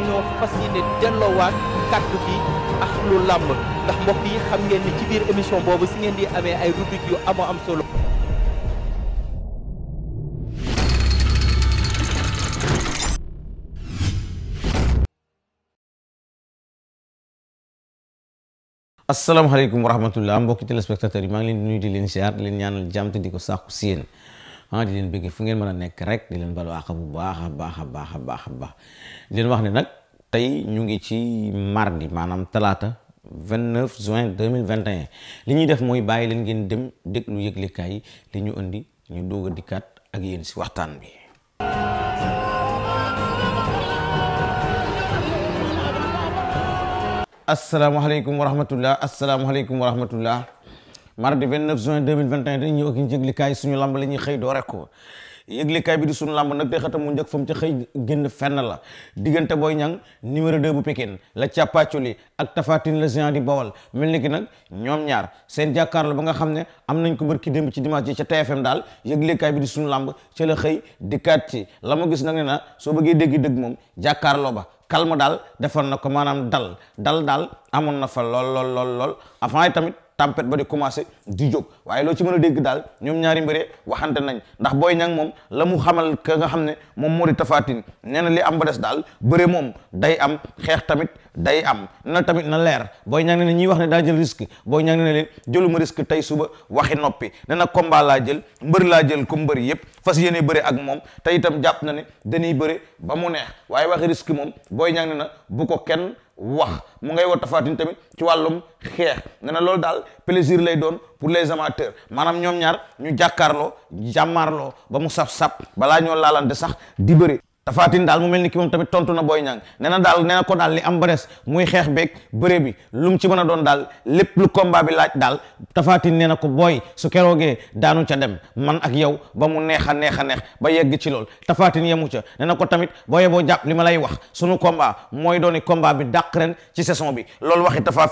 dañoo fas yéene delloowaat kàddu bi ak lu làmb yi xam ngeen ni ci biir émission mbokki téléspectateurs yi maa leen di nuyu di leen siyaar leen ñaanal jàmm di ko sàkku si ah di leen bëgg fu ngeen mën a nekk rek di leen balu àq bu baax a baax a baax a baax a baax di leen wax ni nag tey ñu ngi ci mardi maanaam talaata 29 juin 2021 li ñuy def mooy bàyyi leen ngeen dem déglu yëglekaay yi li ñu indi ñu doog a dikkaat ak yéen si waxtaan bi. asalaamaaleykum wa rahmatullah asalaamaaleykum mardi 29 juin 2021 dañu ñëw ak yëglikaay suñu lamb la ñuy xëy doo rek ko yëglikaay bi di suñu lamb nag tey xatam mu njëkk fa mu la diggante Boy Niang numéro 2 bu Pikine la càppaaculi ak Tafatine la géant di Bawol mel ni ki nag ñoom ñaar seen jàkkaarloo ba nga xam ne am nañ ko bërki démb ci dimanche ji ca TFM daal yëglikaay bi di suñu lamb ca la xëy dikkaat ci la ma gis nag ne na soo bëggee dégg dëgg moom jàkkaarloo ba calme daal defal na ko maanaam dal dal daal amoon na fa lool lool lool lool avant tamit tempête ba di commencé di jóg waaye loo ci mën a dégg daal ñoom ñaari mbëree waxante nañ ndax Boy Niang moom la mu xamal ka nga xam ne moom moo di Tapha Tine nee am ba des daal bëre moom day am xeex tamit day am na tamit na leer booy ñang ne ñuy wax ne daa jël risque booy ñang ne ne leen jëluma risque tey suba waxi noppi ne na laa jël mbëri laa jël comme mbër yëpp fas yéene bëre ak moom tey itam jàpp na ne dañuy bëre ba mu neex waaye waxi risque moom booy ñang na bu ko kenn wax mu ngay woo Tapha Tine tamit ci wàllum xeex ne na loolu daal plaisir lay doon pour les amateurs maanaam ñoom ñaar ñu jàkkaarloo jàmmaarloo ba mu saf-saf balaa ñoo laalante sax di bëre tafaatin daal mu mel ni ki moom tamit tontu na booy ñang nee na daal nee na ko daal li am bares muy xeex beeg bëre mu ci mën a doon daal lépp lu combat bi laaj daal tafaatin nee na ko booy su keroogee daanu ca a neex a neex ba yegg ci lool tafaatin yemu ca nee na ko tamit booye boo jàpp sunu bi dàq ren ci saison bi loolu la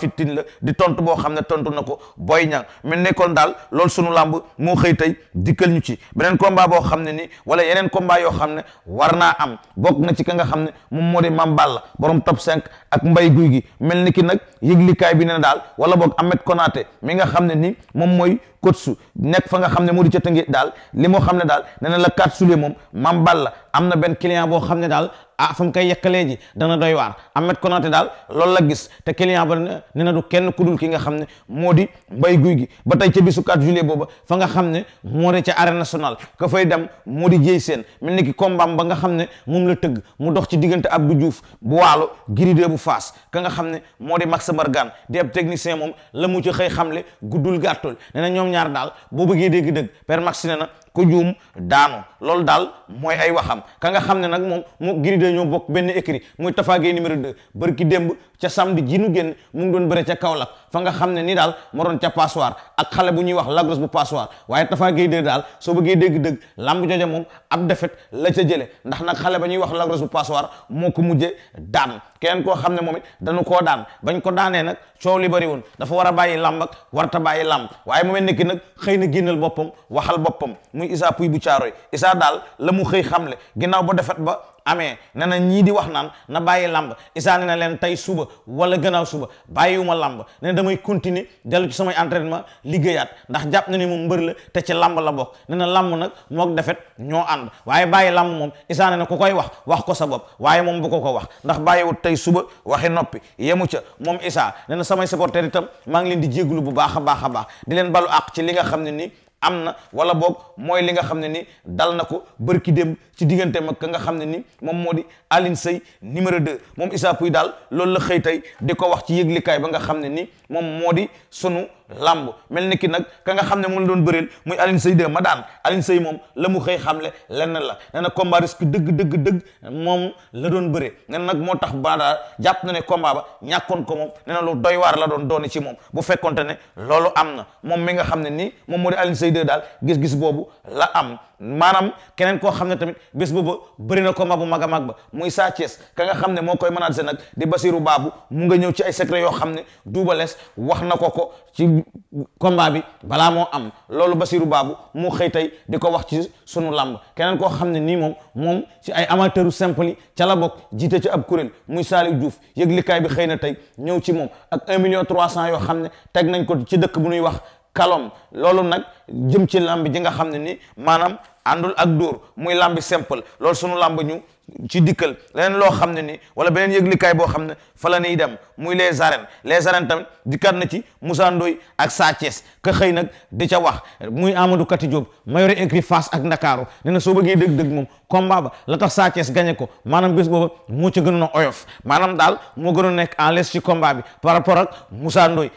di tontu boo xam ne tontu na ko booy ñang mel nekkoon daal loolu sunu làmb moo xëy tey dikkal ñu ci beneen combat boo xam ne ni wala yeneen combat yoo xam ne war naa am am bokk na ci ka nga xam ne moom moo di Mame Balla borom top 5 ak mbay guy gi mel ni ki nag yëglikaay bi ne daal wala boog Ahmed konaate mi nga xam ne ni moom mooy coach nekk fa nga xam ne moo di ca tënge daal li moo xam ne daal nee na la 4 juillet moom Mame Balla am na benn client boo xam ne daal ah fa mu koy yekkalee ji dana doy waar Ahmed Konaté daal loolu la gis te client ba ne na du kenn ku dul ki nga xam ne moo di Mbaye Gouy Gui ba tey ca bisu 4 juillet booba fa nga xam ne moo di ca arène nationale ka fay dem moo di jéy seen mel ni ki baam ba nga xam ne moom la tëgg mu dox ci diggante Abdou Diouf bu waalo giridee bu faas ka nga xam ne moo di Max Mbargane di ab technicien moom la mu ci xëy xam le guddul gàttul ne na ñoom ñaar daal boo bëggee dégg dëgg Père Max ne na ku juum daanoo loolu daal mooy ay waxam ka nga xam ne nag moom moo Gris de ñoo bokk benn écrit muy Tapha Gueye numéro 2 barki démb ca samedi jii nu génn mu ngi doon bëre ca kaw Kaolack fa nga xam ne ni daal moo doon ca passoir ak xale bu ñuy wax lagros bu passoir waaye Tapha Gueye daal soo bëggee dégg-dëgg lamb jooja moom ab defet la ca jële ndax nag xale ba ñuy wax lagros bu passoir moo ko mujjee daan kenn koo xam ne moom it dañu koo daan bañ ko daanee nag coow li bëri woon dafa war a bàyyi làmb ak warta bàyyi làmb waaye moom it nekki nag xëy na génnal boppam waxal boppam muy Issa Pouye bu Caaroy Issa daal la mu xëy xam le ginnaaw ba defet ba amee ne na ñii di wax naan na bàyyi lamb isaa ne na leen tey suba wala gannaaw suba bàyyiwuma lamb ne na damay continuer dellu ci samay entraînement liggéeyaat ndax jàpp na ni moom mbër la te ci lamb la bokk ne na lamb nag mook defet ñoo ànd waaye bàyyi lamb moom isaa ne na ku koy wax wax ko sa bopp waaye moom bu ko ko wax ndax bàyyiwut tey suba waxi noppi yemu ca moom isaa ne na samay supporter itam maa ngi leen di jéglu bu baax a baax a baax di leen balu àq li nga xam ne ni am na wala boog mooy li nga xam ne ni dal na ko bërki dem ci diggante mag ka nga xam ne ni moom moo di Alioune Seye numéro 2 moom Issa Pouye daal loolu la xëy tey di ko wax ci yëglikaay ba nga xam ne ni moom moo di sunu lamb mel ni ki nag ka nga xam ne moom la doon bëreel muy Alioune sëy de ma daan Alioune Seye moom la mu xëy xamle lenn la nee na combat risque dëgg dëgg dëgg moom la doon bëree nee nag moo tax Bada jàpp na ne combat ba ñàkkoon ko moom nee na lu doy waar la doon dooni ci moom bu fekkonte ne loolu am na moom mi nga xam ne nii moom moo di alin Seye de daal gis-gis boobu la am maanaam keneen koo xam ne tamit bés booba bëri na combat bu mag a mag ba muy Sa Thiès ka nga xam ne moo koy manager nag di Basiru Baabu mu nga ñëw ci ay secret yoo xam ne Double wax na ko ko ci combat bi balaa moo am loolu Basiru Baabu mu xëy tey di ko wax ci sunu làmb keneen koo xam ne nii moom moom ci ay amateuru simple yi ca la bokk jiite ci ab kuréel muy Saliou Diouf yëglikaay bi xëy na tey ñëw ci moom ak un million trois cent yoo xam ne teg nañ ko ci dëkk bu ñuy wax kalom loolu nag jëm ci làmb ji nga xam ne ni maanaam àndul ak dóor muy làmb simple loolu sunu làmb ñu ci dikkal leneen loo xam ne ni wala beneen yëglikaay boo xam ne fa la ñuy dem muy les arènes les arènes tamit dikkaat na ci Moussa Ndoye ak Sa ka xëy nag di ca wax muy Amadou Kati Diop ma yore écrit ak Ndakaaru ne na soo bëggee dëgg-dëgg moom combat ba la tax Sa Thiès ko maanaam bés booba moo ca gënoon a oyof maanaam daal moo gënoon nekk en l'aise ci bi par rapport ak Moussa Ndoye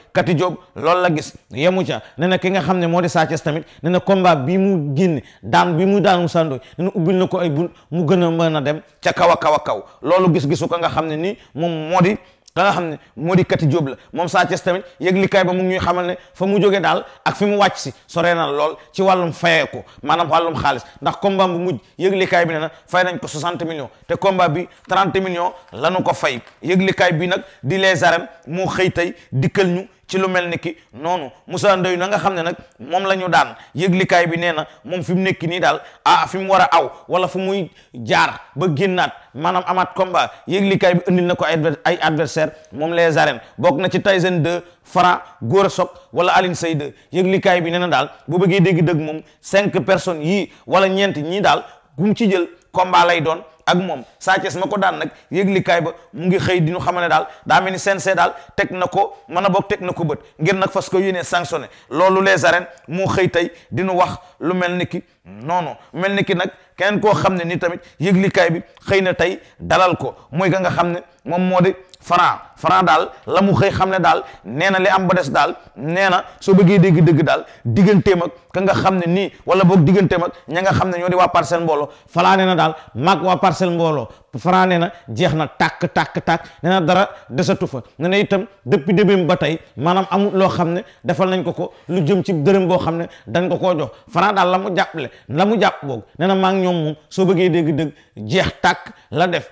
loolu la gis yemu ca ne na ki nga xam ne moo di Sa Thiès ne na bi mu génne daan bi mu daan Moussa Ndoye ne na ubbil mu gën a mën a dem ca kaw a kaw a kaw loolu gis-gisu ka nga xam ne ni moom moo di ka nga xam ne moo di kati jóob la moom Sa Thiès tamit yëg likaay ba mu ngi ñuy xamal ne fa mu jóge daal ak fi mu wàcc si sore na lool ci wàllum fayeeku maanaam wàllum xaalis ndax combat bu mujj yëg likaay bi ne na fay nañ ko 60 millions te combat bi 30 millions lanu ko fay yëg likaay bi nag di les arènes moo xëy tey dikkal ñu ci lu mel ni ki noonu Moussa Ndoye na nga xam ne nag moom la ñu daan yëglikaay bi nee na moom fi mu nekk nii daal ah fi mu war a aw wala fu muy jaar ba génnaat maanaam amaat combat yëglikaay bi indil na ko ay adversaire moom les arènes bokk na ci Tyson 2 Franc Gora Sock wala Aline Seye 2 yëglikaay bi nee na daal bu bëggee dégg dëgg moom cinq personnes yii wala ñeent ñii daal gum ci jël combat lay doon ak moom Sa Thiès ma ko daan nag yëglikaay ba mu ngi xëy di ñu xamal ne daal daa mel ni see daal teg na ko mën a bokk teg na ko bët ngir nag fas ko yéenee sanctionné loolu lee arènes moo xëy tey dinu wax lu mel ni ki non mel ni ki nag keneen koo xam ne ni tamit yëglikaay bi xëy na tey dalal ko mooy ga nga xam ne moom moo di franc franc daal la mu xëy xam ne daal nee na li am ba des daal nee na soo bëggee dégg dëgg daal digganteem ak ka nga xam ne nii wala boog digganteem ak ña nga xam ne ñoo di waa parcelle mbooloo falaa nee na daal maag waa parcelle mbooloo franc nee na jeex na tàkk tàkk tàkk nee dara desatu fa nee na itam depuis début ba tey maanaam amul loo xam ne defal nañ ko ko lu jëm ci dërëm boo xam ne dañ ko koo jox franc daal la mu le la mu jàpp boog nee maa ngi ñoom moom soo bëggee dégg dëgg jeex tàkk la def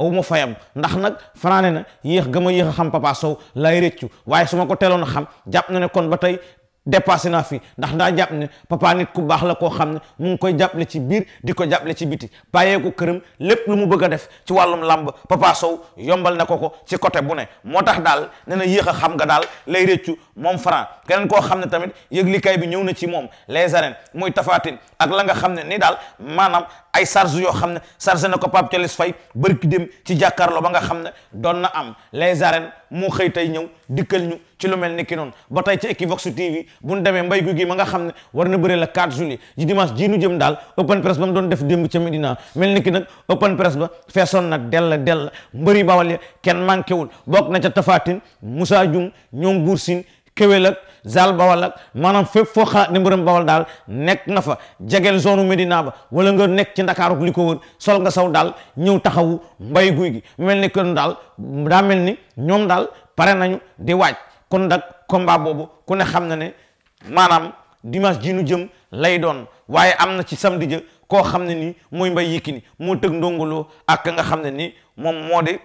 aw ma fayam ndax nag fanaane na yéex gama yéex a xam papa lay réccu waaye su ma ko teeloon a xam jàpp na ne kon ba tey dépassé fi ndax daa jàpp ne papa nit ku baax la koo xam ne mu ngi koy jàppale ci biir di ko jàppale ci biti bàyyee ko këram lépp lu mu bëgg a def ci wàllum làmb papa sow yombal na ko ko ci côté bu ne moo tax daal ne na yéex a xam nga daal lay réccu moom franc keneen koo xam ne tamit yëglikaay bi ñëw na ci moom les arènes muy tafaatin ak la nga xam ne ni daal maanaam ay charge yoo xam ne chargé na ko Pape Thialis Faye bërki dem ci jàkkaarloo ba nga xam ne doon na am les arènes mu xëy tey ñëw dikkal ñu ci lu mel ni ki noonu ba tey ci Equivox TV bu ñu demee mbay gu gi ma nga xam ne war na bëre la 4 juillet ji dimanche jii nu jëm daal open press ba mu doon def démb ca Medina mel ni ki nag open press ba feesoon nag dell dell mbëri bawal ya kenn manqué wul bokk na ca Tafatine Moussa Dioum ñoom Bour Sine kéwél ak zal bawal ak maanaam fépp foo xalaat ne mbërëm bawal daal nekk na fa jegeel zone Medina ba wala nga nekk ci ndakaaru li ko wër sol nga saw daal ñëw taxawu mbay guy gi mel ni kon daal daa mel ni ñoom daal pare nañu di waaj kon nag combat boobu ku ne xam na ne maanaam dimanche ji jëm lay doon waaye am na ci samedi koo xam ne ni mooy mbay yikki ni moo tëg ndongoloo ak nga xam ne ni moom moo de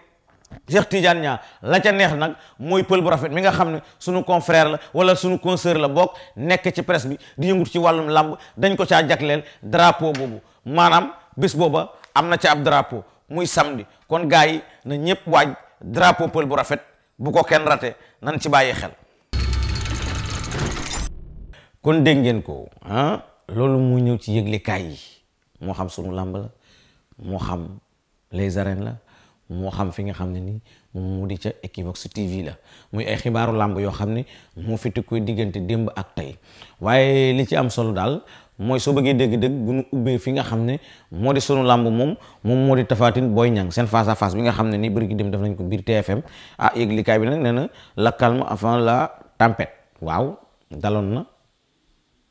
Cheikh Tidiane ñaa la ca neex nag mooy pël bu rafet mi nga xam ne sunu confrère la wala sunu consoeur la bokk nekk ci presse bi di yëngut ci wàllum làmb dañ ko caa jagleel drapeau boobu maanaam bés booba am na ci ab drapeau muy samedi kon gars yi na ñëpp waaj drapeau pël bu rafet bu ko kenn rate nan ci bàyyi xel kon dégg ngeen ko ah loolu mu ñëw ci yëglekaay yi moo xam sunu làmb la moo xam les arènes la moo xam fi nga xam ne ni moom mu di ca Equivox TV la muy ay xibaaru làmb yoo xam ne moo fi koy diggante démb ak tey waaye li ci am solo daal mooy soo bëggee dégg-dégg bu nu ubbee fi nga xam ne moo di sunu làmb moom moom moo di tafaatin booy Niang seen face à face bi nga xam ne nii bëri dem def nañ ko biir TFM ah yëglikaay bi nag nee na la ma avant la tampet waaw daloon na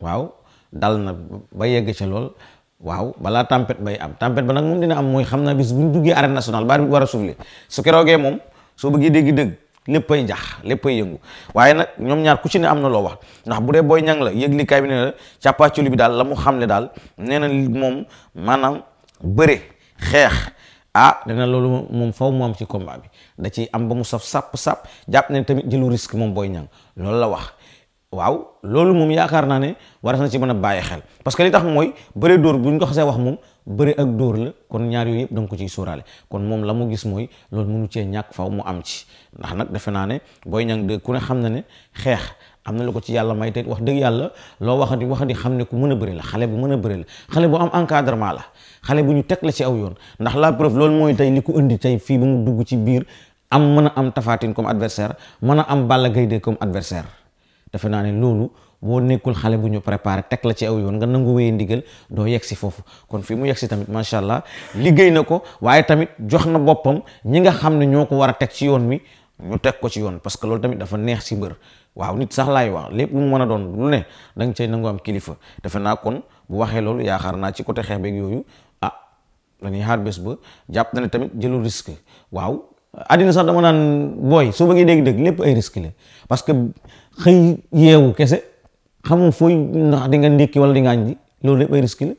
waaw dal na ba yegg ca lool waaw balaa tempête bay am tempête ba nag moom dina am mooy xam naa bis bu ñu duggee arène nationale ba war a souffler su keroogee moom soo bëggee dégg-dëgg léppay jax léppay yëngu waaye nag ñoom ñaar ku ci ne am na loo wax ndax bu dee booy ñang la yëgli kaay bi ne la càppaaculi bi daal la mu xamle daal nee na moom maanaam bëre xeex ah dana loolu moom faw mu am ci combat bi da ci am ba mu saf sàpp sàpp jàpp ne tamit jëlu risque moom booy ñang loolu la wax waaw loolu moom yaakaar naa ne war na ci mën a bàyyi xel parce que li tax mooy bëre dóor bu ñu ko xasee wax moom bëre ak dóor la kon ñaar yooyu yëpp da ko ciy sóoraale kon moom la mu gis mooy loolu mënu cee ñàkk faw mu am ci ndax nag defe naa ne booy Niang de ku ne xam na ne xeex am na lu ko ci yàlla may te wax dëgg yàlla loo waxati waxati xam ne ku mën a bëri la xale bu mën a bëri la xale bu am encadrement la xale bu ñu teg la ci aw yoon ndax laa preuve loolu mooy tey li ko indi tey fii ba mu dugg ci biir am mën a am tafaatin comme adversaire mën a am Balla Gaye de comme adversaire defe naa ne loolu boo nekkul xale bu ñu préparé teg la ci aw yoon nga nangu wéye ndigal doo yegg si foofu kon fi mu yegg si tamit macha allah liggéey na ko waaye tamit jox na boppam ñi nga xam ne ñoo ko war a teg ci yoon mi ñu teg ko ci yoon parce que loolu tamit dafa neex si mbër waaw nit sax laay wax lépp lu mu mën a doon lu ne da nga nangu am kilifa defe naa kon bu waxee loolu yaakaar naa ci côté xeex beeg yooyu ah dañuy xaar bés ba jàpp na ne tamit jëlu risque waaw àddina sax dama naan booy soo bëggee dégg-dégg lépp ay risque la xëy yeewu kese xamul fooy ndax di nga ndékki wala di nga añ ji loolu lépp ay risque la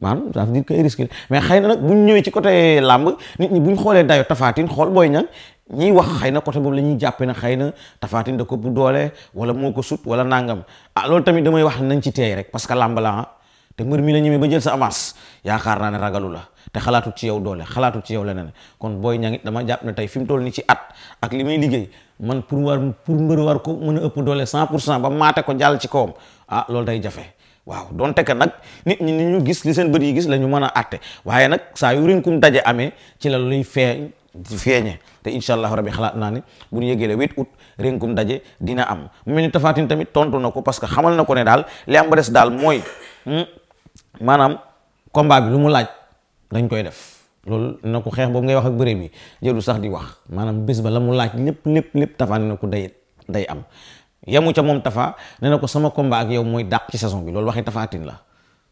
maanaam ça veut mais xëy na nag bu ñu ñëwee ci côté làmb nit ñi bu xoolee dayo tafaatin xool booy ñang ñiy wax xëy na côté boobu la ñuy jàppe na xëy na tafaatin da ko bu doole wala moo ko sut wala nangam ah loolu tamit damay wax nañ ci teey rek parce que làmb la ah. te mbër mi la ñemee ba jël sa avance yaakaar naa ne ragalu la te xalaatu ci yow doole xalaatu ci yow leneen kon booy ñangi dama jàpp ne tey fi mu toll ni ci at ak li may liggéey man pour war pour mbër war ko mën ëpp doole cent pour cent ba maate ko jàll ah loolu day jafe waaw donte que nag nit ñi ni ñu gis seen bët yi gis la ñu mën a àtte waaye nag saa yu rinkum daje amee ci la luy feeñ feeñe te incha allahu rabi xalaat naa ne bu ñu yëgee le huit août rinkum daje dina am mu mel tamit tontu na ko parce que xamal na ko ne daal li am ba des daal mooy hmm, maanaam combat bi lu mu laaj dañ koy def loolu na ko xeex boobu ngay wax ak bëre bi jëlu sax di wax maanaam bés ba la mu laaj lépp lépp lépp Tapha na ko day day am yemu ca moom Tapha ne na ko sama combat yow mooy dàq ci saison bi loolu waxi Tapha la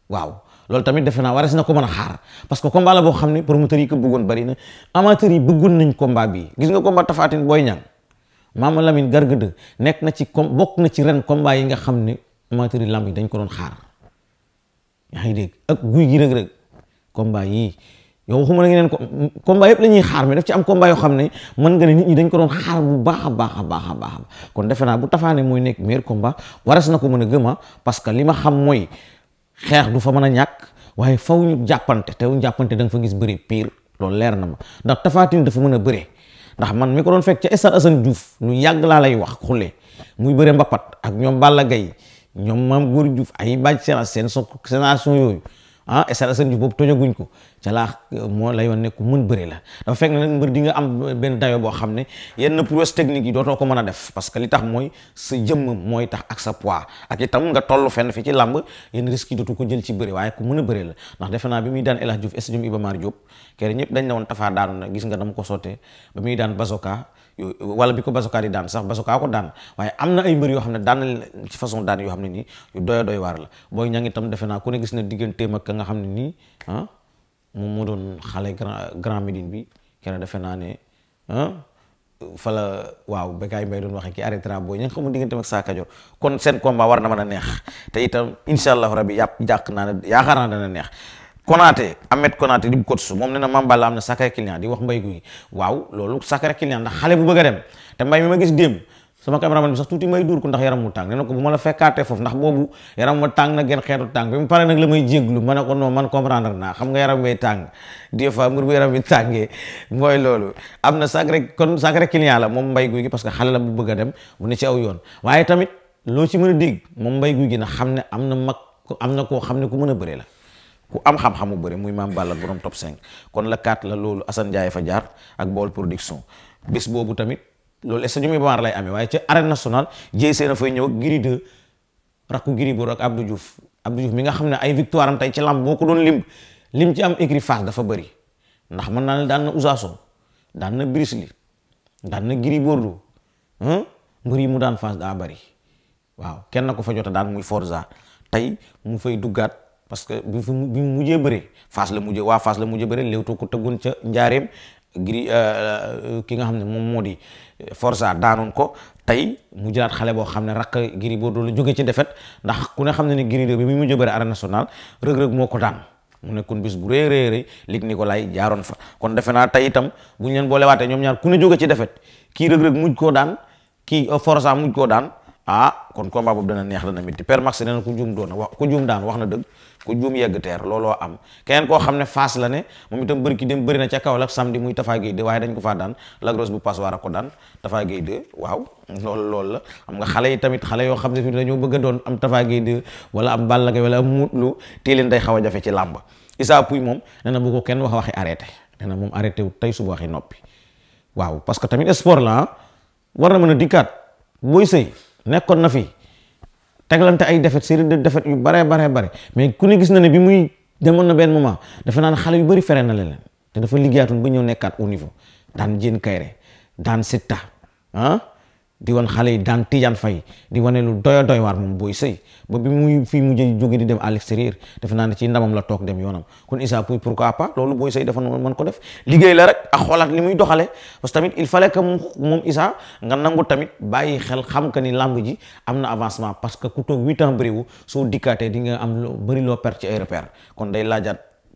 waaw loolu tamit defe naa warees na ko man a xaar parce que combat la boo xam ne pour promoteurs yi ko bëggoon bari na amateurs yi bëggoon nañ combat bi gis nga combat Tapha Tine Boy Niang Mama Lamine Garga 2 nekk na ci com bokk na ci ren combat yi nga xam ne amateurs yi lamb yi dañ ko doon xaar yaa ngi dégg ak guy gi rëg-rëg combat yii yow waxuma na ngeen ko combat la ñuy xaar mais ci am combat yoo xam ne mën nga ne nit ñi dañ ko doon xaar bu baax a baax a baax a kon defe naa bu tafaane mooy nekk meilleur combat warees na ko mën a gëma parce que li ma xam mooy xeex du fa mën a ñàkk waaye faw ñu jàppante te ñu jàppante danga fa gis bëri pire loolu leer na ma ndax tafaatin dafa mën a bëre ndax man mi ko doon fekk ca stade Assane Diouf lu yàgg laa lay wax xulle muy bëre mbappat ak ñoom Balla Gaye ñoom maam góor Diouf ay bàjj seen seen génération yooyu ah Essar Assane Diouf boobu tojaguñ ko ca laa moo lay wan ne ku mën bëre la dafa fekk ne nag mbër nga am benn dayo boo xam ne yenn prouesse technique yi dootoo ko mën a def parce que li tax mooy sa jëmm mooy tax ak sa poids ak itam nga toll fenn fi ci lamb yenn risque dootu ko jël ci bëre waaye ku mën a bëre la ndax defe naa bi muy daan El Hadj Diouf Iba Mar Diop kere ñëpp dañ ne woon tafaa daanu na gis nga dama ko sottee ba muy daan Bazoka wala bi ko basokaa di daan sax basokaa ko daan waaye am na ay mbër yoo xam ne daan na ci façon daan yoo xam ne nii yu doy doy waar la booy ñangi itam defe naa ku ne gis na digganteem ak ka nga xam ne ah, moom moo doon xale grand grand médine bi kenn defe naa ne ah, fala waaw Bécaye Mbaye doon waxee ki are arrêtera booy ña nga xamul diggante ak Sa Kajoor kon seen combat war na mën a neex te itam incha allahu rabi yàpp jàq naa ne yaakaar naa dana neex Konaté Ahmed Konaté di bu coach moom nee na Mame Balla am na sacré client di wax Mbaye Gouye waaw loolu sacré client ndax xale bu bëgg dem mbay mi ma gis démb sama caméraman bi sax may duur ko ndax mu tàng nee na ko bu ma la fekkaatee foofu ndax boobu yaram ma tàng na la may jéglu ma ne ko non man comprendre naa xam nga yaram may tàng des fois mbir am na sacré kon sacré client la moom Mbaye Gouye gi parce que xale la bu bëgg a aw yoon waaye tamit loo ci mën a dégg moom mbay Gouye gi na xam ne am na mag am na koo xam ne ku mën a bëre la ku am xam-xamu bëri muy maam Balla borom top 5 kon la 4 la loolu Assane Ndiaye fa jaar ak bool production bis boobu tamit loolu sa ce que ñu lay ame waaye ca arène nationale jéy seen a fay ñëw ak Giri 2 rakku Giri Bor ak Abdou Diouf Abdou Diouf mi nga xam ne ay victoire am tey ci lamb boo ko doon lim lim ci am écrit face dafa bëri ndax mën naa ne daan na Ousasso daan na Bruce Lee daan na Gris Bordeaux mbër yi mu daan face daa bari waaw kenn na ko fa daan muy Forza tey mu fay duggaat parce que bi fi bi mu mujjee bëre Fass la mujjee waa Fass la mujjee bëre Leewtoo ko tëggoon ca njaareem gri euh, euh, ki nga xam ne moom moo di euh, Forza daanoon ko tey mu jëlaat xale boo xam ne rakk boo Bordeaux la jóge ci defet ndax ku ne xam ne ni Gris bi mu mujjee bëre arène nationale rëg-rëg moo ko daan mu nekkoon bis bu rëy rëy rëy lig Nicolas jaaroon fa kon defe naa itam bu ñu leen boolewaatee ñoom ñaar ku ne jóge ci defet kii rëg-rëg mujj koo daan kii Forza mujj koo daan ah kon combat boobu dana neex dana métti Père Max nee ku juum doon wax ku juum daan wax na dëgg ku juum yegg teer looloo am keneen koo xam ne Fass la ne moom itam bëri na ca Kaolack samedi ko yoo xam ne a doon am Tafa Gueye 2 wala am xaw a jafe ci làmb Issa Pouye moom nee na bu ko kenn wax waxi arrêté nee na moom arrêté wu tey suba waxi noppi waaw parce tamit sport la ah, war na mën a dikkaat booy sëy nekkoon na fi teglante ay defet série de defet yu baree baree bare mais ku ne gis na ne bi muy demoon na benn moment dafa naan xale yu bëri fere na leen te dafa liggéeyaatoon ba ñëw nekkaat au niveau daan jën kayre daan sitta ah di wan xale yi daan Tidiane fay di wane lu doy doy waar moom booy sëy ba bi muy fii mujj jóge di dem à l'extérieur defe naa ne ci ndamam la toog dem yoonam kon Issa Pouye pourquoi pas loolu booy sëy dafa mën ko def liggéey la rek ak xoolaat li muy doxale parce que tamit il fallait que moom Issa nga nangu tamit bàyyi xel xam que ni làmb ji am na avancement parce que ku toog huit ans bëriwu soo dikkaatee dinga am loo bëri loo perte ci ay repère kon day laajaat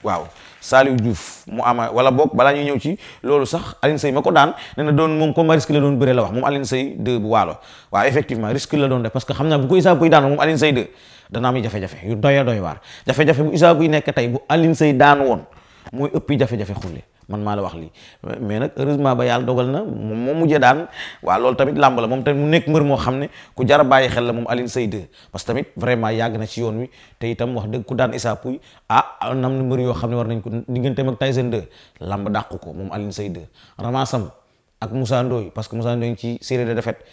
waaw Saliou Diouf mu ama wala boog balaa ñuy ñëw ci loolu sax Alioune Seye ma ko daan ne doon moom comme risque la doon bëre la wax moom Alioune Seye 2 bu waalo waaw effectivement risque la doon def parce que xam naa bu ko Issa Pouye daan moom Alioune Seye 2 dana jafe-jafe yu doy a doy waar jafe-jafe bu Issa Pouye nekk tey bu Alioune Seye daan woon mooy ëppi jafe-jafe xulli man maa la wax lii mais nag heureusement ba yàlla dogal na moom moo mujjee daan waa loolu tamit làmb la moom tamit mu nekk mbër moo xam ne ku jar a bàyyi xel la moom Alioune Seye 2 parce que tamit na ci yoon wi te itam wax dëgg ku daan Issa Pouye ah nam na yoo xam ne war nañ ko digganteem ak Tyson 2 làmb dàqu ko moom Alioune Seye 2 ramasam ak Moussa Ndoye parce que Moussa Ndoye ci série de défaite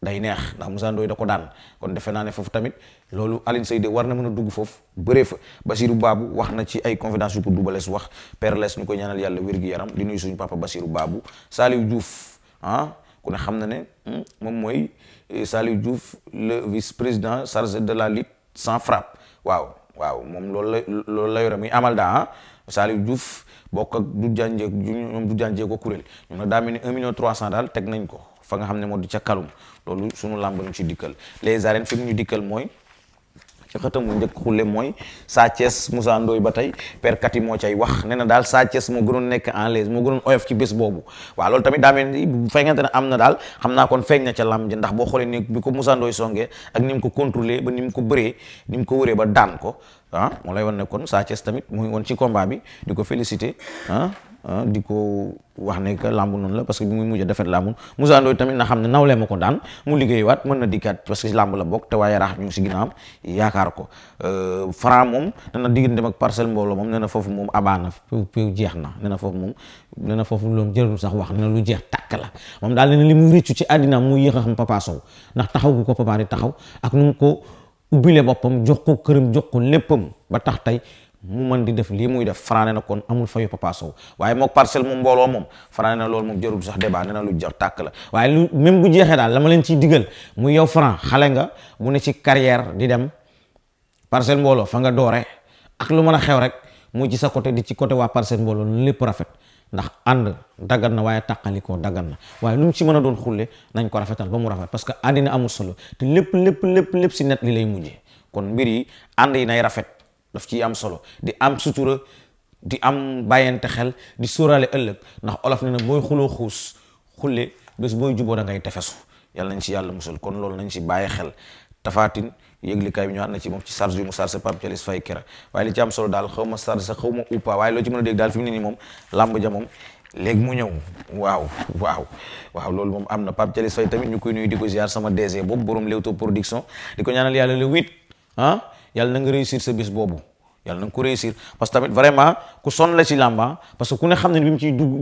day neex ndax Moussa Ndoye da ko daan kon defe naa ne foofu tamit loolu Alioune Seye de war na mën a dugg foofu bëree fa Basirou Babu wax na ci ay confidence yu ko dubales wax per Les ñu koy ñaanal yàlla wér-gu-yaram di suñu papa Basirou Babu Saliou Diouf ah ku ne xam na ne hmm, moom mooy eh, Saliou juuf le vice président chargé de la lutte sans frappe waaw waaw moom loolu la loolu la yore muy amal ah Saliou Diouf bokk ak du jànjee ñoom du jànjee ko kuréel ñoom ni un million cent daal teg nañ ko fa nga xam ne moo di ca kalum loolu sunu làmb ñu ci dikkal les arènes fi mu ñu dikkal mooy ci xëtam bu njëkk xulle mooy Sa Thiès Moussa Ndoye ba tey perkat yi moo cay wax nee na daal Sa moo gënoon nekk en l'aise moo gënoon oyof ci bés boobu waa loolu tamit daa mel ni bu fekkente ne am na daal xam naa kon feeñ na ca lamb ji ndax boo xoolee ni bi ko Moussa Ndoye songee ak ni ko contrôlé ba ni mu ko bëree ni mu ko wëree ba daan ko ah moo lay wan ne kon Sa Thiès tamit mu ngi woon ci combat bi di ko félicité ah Ah, di ko wax ne que lamb noonu la parce que bi muy mujj a defet lamb Moussa Ndoye tamit na xam ne nawlee ma ko daan mu liggéeywaat mën na dikkaat parce que si lamb la bokk te waaye rax ñu ngi si ginnaawam yaakaar ko euh, Franc moom nee na digganteem ak parcelle mbooloo moom nee na foofu moom abaana piw piw na nee na foofu moom nee na foofu loolu jërul sax wax nee lu jeex tàkk la moom daal nee na li muy rëccu ci àddina mu yéex a xam Papa ndax taxaw gu ko Papa di taxaw ak nu mu ko ubbile boppam jox ko këram jox ko léppam ba tax tey mu mën di def lii muy def Franc na kon amul fayu Papa Sow waaye mook parcelle moom mbooloo moom Franc na loolu moom jarul sax débat nee na lu jar tàkk la waaye lu bu jeexee daal la leen ciy digal mu yow Franc xale nga mu ne ci carrière di dem parcelle mbooloo fa nga doore ak lu mën a xew rek muy sa côté di ci côté waa parcelle mbooloo lu lépp rafet ndax ànd daggan na waaye tàqalikoo daggan na waaye lu mu ci mën a doon xulle nañ ko rafetal ba mu rafet parce que àddina amul solo te lépp lépp lépp si net li lay mujjee kon mbir yi ànd yi nay rafet daf ciy am solo di am sutura di am bàyyante xel di sóoraale ëllëg ndax olof ne na booy xuloo xuus xulle bés booy juboo da ngay tefesu yàlla nañ ci yàlla musul kon loolu nañ ci bàyyi xel tafaatin yëglikaay bi ñu ànd na ci moom ci charge yu mu charge Pape Thialis Faye kera waaye li ci am daal xaw ma charge sa xaw ma uppa waaye loo ci mën a dégg daal moom làmb ja moom mu ñëw waaw waaw waaw loolu moom am na Pape Thialis Faye tamit ñu koy nuyu di ko ziar sama DG boobu borom Leewtoo production di ko ñaanal yàlla le huit ah. yàlla na nga réussir sa bés boobu yàlla na nga ko réussir parce tamit vraiment ku sonn la ci làmba parce ku ne xam ne bi mu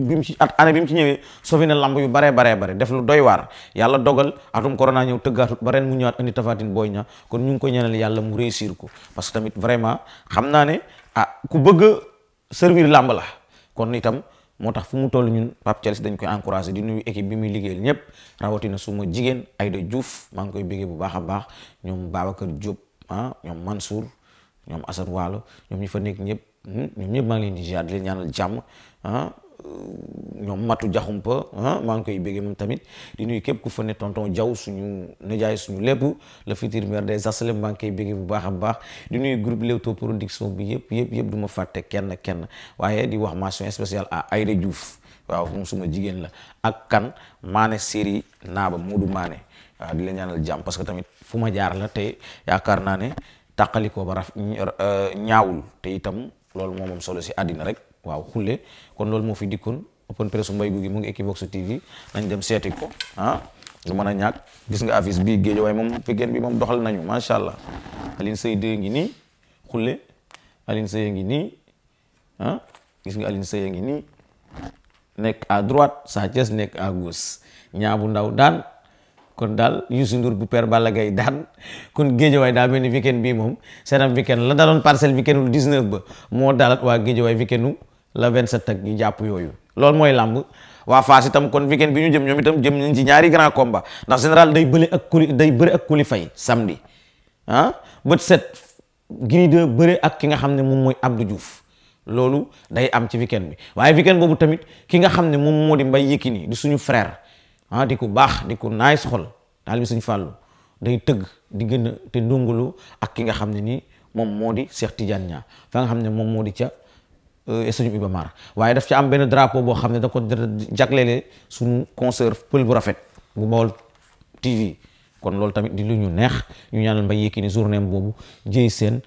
bi mu ci at année bi mu ci ñëwee sauvé na làmb yu baree baree bare def lu doy waar yàlla dogal atum corona ñëw tëggaatut ba mu ñëwaat indi tafaatin booy ña kon ñu ngi ko ñaanal yàlla mu réussir ko parce que tamit vraiment xam naa ne ah ku bëgg a servir la kon itam moo tax fu mu toll ñun Pape dañ koy encouragé di nuyu équipe bi muy liggéeyal ñëpp rawatina suma jigéen Aïda Diouf maa ngi koy béggee bu baax a baax ñoom Babacar Diop ah ñoom Mansour ñoom Assane Waalo ñoom ñi fa nekk ñëpp hmm, ñoom ñëpp maa ngi di ziar di leen ñaanal jàmm ah ñoom matu jaxumpa ah, maa ngi koy béggee moom tamit di nuyu képp ku fa ne tonton Diaw suñu nijaay suñu lépp le futur maire des Assalem maa ngi koy béggee bu baax a baax di nuyu groupe Leewtoo production bi yëpp yëpp yëpp du ma kenn kenn waaye di wax mention spéciale à Aïda Diouf waaw moom suma jigéen la ak kan Mané Séri Naaba Moodu Mané waaw di la ñaanal jàmm parce que tamit fu ma jaar la te yaakaar naa ne tàqalikoo ba raf euh, ñaawul te itam loolu moom moom solo si àddina rek waaw xulle kon loolu moo fi dikkoon open presse mbay gu gi mu ngi Equivox TV nañ dem seeti ko ah lu mën a ñàkk gis nga affiche bii géej waaye moom fekkeen bi moom doxal nañu macha allah Alioune Seye dée ngi nii xulle Alioune ngi nii ah. gis nga Alioune Seye ngi nii nekk à droite Sa Thiès nekk à gauche ñaabu ndaw daan kon daal Youssou Ndour bu père Balla Gaye daan kon géejawaay daa mel ni weekend bii moom seenam weekend la daaloon parcelle weekendu 19 ba moo daalat waa géejawaay weekendu la 27 ak ñu jàpp yooyu loolu mooy làmb waa Fass tam kon weekend bi ñu jëm ñoom itam jëm nañ ci ñaari grand combat ndax général day bële ak kuli day bëre ak kuli fay samedi ah bët set Gris 2 bëre ak ki nga xam ne moom mooy Abdou Diouf loolu day am ci weekend bi waaye weekend boobu tamit ki nga xam ne moom moo di Mbaye Yékini di suñu frère ah di ku baax di ku nice xol daal bi suñu fàllu day tëgg di gën te ndongolo ak ki nga xam ne nii moom moo di Cheikh Tidiane Niang fa nga xam ne moom moo di ca Euh, suñu ba Mar waaye daf ci am benn drapeau boo xam ne da ko jagleele suñu concert pël bu rafet bu Baol TV kon loolu tamit di lu ñu neex ñu ñaanal Mbaye Yékini journée boobu jëy seen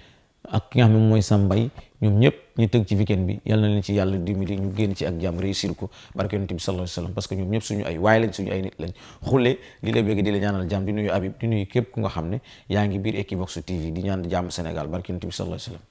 ak ki nga xam ne mooy Sam Mbaye ñoom ñëpp ñu tëgg ci weekend bi yal na leen ci yàlla dimbali ñu génn ci ak jàmm réussir ko barke yonent bi sallallahu alayhi wasallam parce que ñoom ñëpp suñu ay waaye lañ suñu ay nit lañ xulle li lay bëgg di la ñaanal jàmm di nuyu Habib di ku nga xam ne yaa ngi biir Equivox TV di ñaan jàmm Sénégal barke yonent bi sallallahu alayhi